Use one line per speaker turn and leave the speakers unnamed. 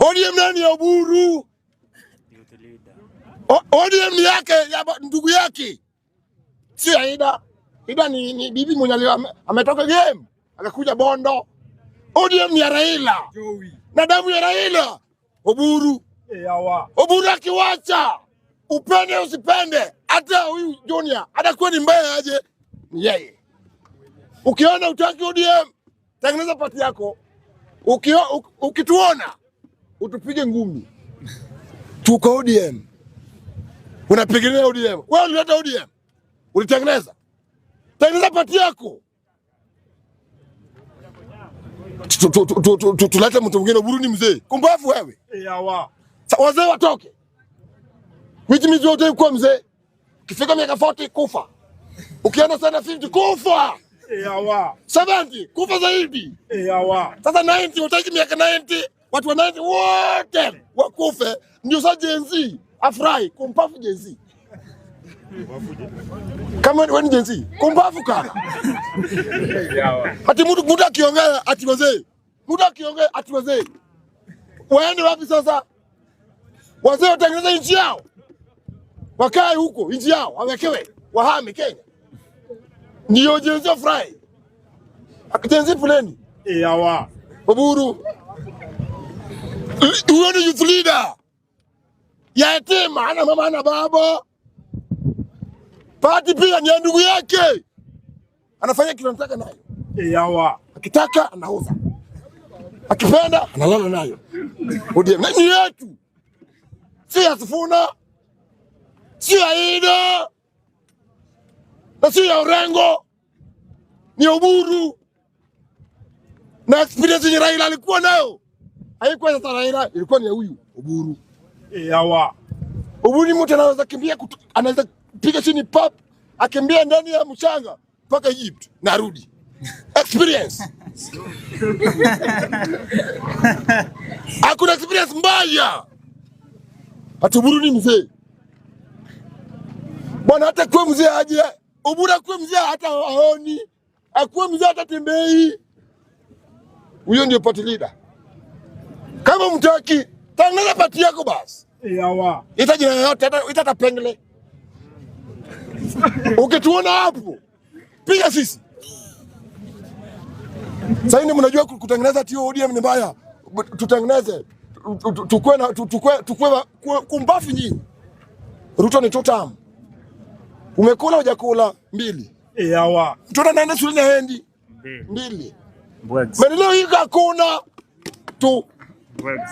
ODM nani ya Oburu? ODM ni yake ya ndugu yake, si ya Ida. Ida ni, ni bibi mwenye ametoka game akakuja Bondo. ODM ni ya Raila na damu ya Raila. Oburu e, Oburu akiwacha, upende usipende, hata huyu Junior atakuwa ni mbaya aje, ni yeye. Ukiona utaki ODM, tengeneza pati yako. Ukio, ukituona utupige ngumi, tuko ODM. unapigania ODM wewe, ulileta ODM, ulitengeneza tengeneza pati yako, tulete mtu mwingine. Buruni mzee kumbavu wewe, wazee watoke, which means wewe utakuwa mzee kifika miaka 40 kufa, ukienda sana 50 kufa Yawa. 70 kufa zaidi. Yawa. Sasa 90 utaki miaka 90 watu wanaweza wote wakufe, ndio sasa jenzi afurahi kumpafu jenzi kama wewe ni jenzi kumpafu kaka. Ati mtu mtu akiongea ati wazee, mtu akiongea ati wazee, waende wapi sasa? Wazee watengeneza nchi yao, wakae huko nchi yao, wawekewe wahame Kenya, ndio jenzi afurahi, jenzi fuleni yawa eh, Oburu Uh, huyo ni youth leader yatima, ana mama ana baba. Pati pia ni ndugu yake, anafanya kile anataka nayo.
Eh, yawa
akitaka anauza, akipenda analala nayo. ODM ni yetu, si ya Sifuna, si ya Ida na si ya Orengo, ni ya Uburu na experience yenye Raila alikuwa nayo haikuwa sasa Raila, ilikuwa ni ya huyu Oburu. Yawa. Eh, Oburu ni mtu anaweza kimbia kutu, anaweza piga chini pap akimbia ndani ya mchanga mpaka Egypt na rudi. Experience. Hakuna experience mbaya. Atuburu ni mzee. Bwana hata kwa mzee aje. Oburu akuwe mzee hata aoni akuwa mzee hata tembei. Huyo ndio party leader. Kama mtaki tangaza pati yako basi, ita jina yoyote, ita tapengle. Ukituona hapo piga sisi. Saini mnajua kutengeneza tio ODM ni mbaya, tutengeneze tukue kumbafu nyingi. Ruto ni totam. umekula hujakula mbili. Mtoto anaenda shuleni haendi mbili, maendeleo hii hakuna tu works